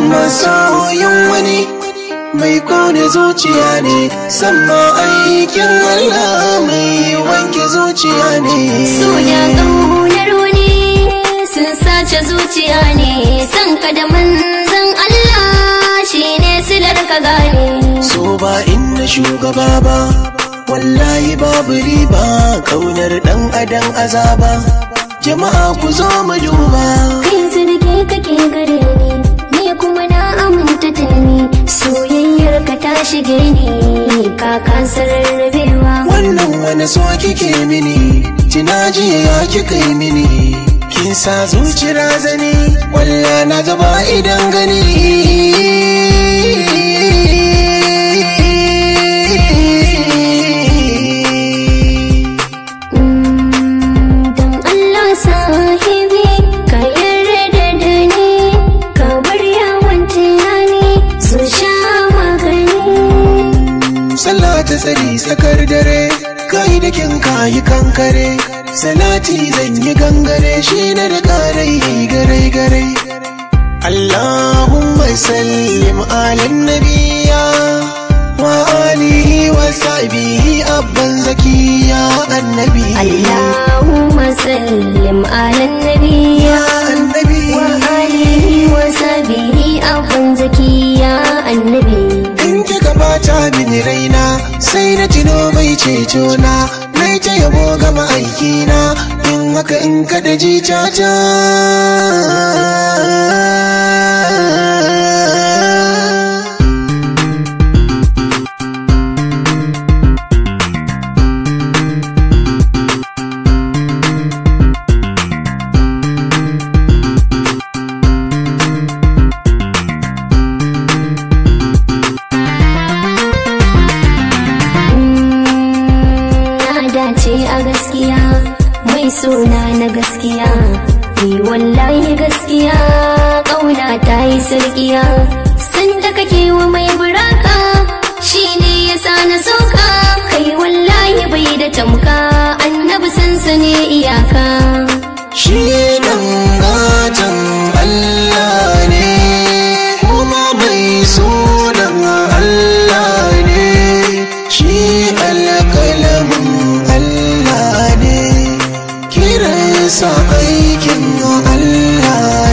sannan sa'o'in wani mai kone zuciya ne sama aikin Allah mai wanke zuciya ne soya ƙaunar wani sun sace zuciya ne san ka da manzan Allah shine silar ka gane so ba na shugaba ba wallahi babu riba kaunar ɗan adam azaba jama'a ku zo mu duba kai sirke kake gare ni kuma na aminta ni soyayyar ka ta shige ni kakan sararrabewa wannan wani so kike mini tina jiya kika yi mini kin sa zuci razani walla na gaba idan gani sallah ta tsari tsakar dare kai da kin kayi kankare salati zan yi gangare shi na da garai gare. gare Allahumma sallim alin nabiyya, wa alihi wa sahbihi abban zakiya annabi Allahumma sallim alin sai na tuno mai ceto na mai ta yabo aiki na in haka in kada ji caca ce a gaskiya mai suna na gaskiya ni wallahi gaskiya ƙauna ta yi sarkiya sanda kake wa mai buraka shi ne ya sa na sauka kai wallahi bai da tamka annabi sansa iyaka sa aikin Allah